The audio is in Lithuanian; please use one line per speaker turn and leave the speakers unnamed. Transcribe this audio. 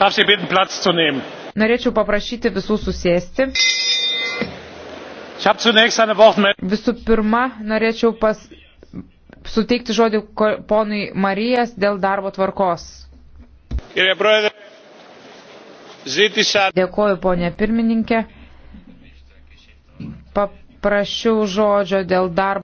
Norėčiau
paprašyti visų susėsti. Visų pirma, norėčiau pas, suteikti žodį ponui Marijas dėl darbo tvarkos. Dėkoju, ponė pirmininkė. Paprašiau žodžio dėl darbo.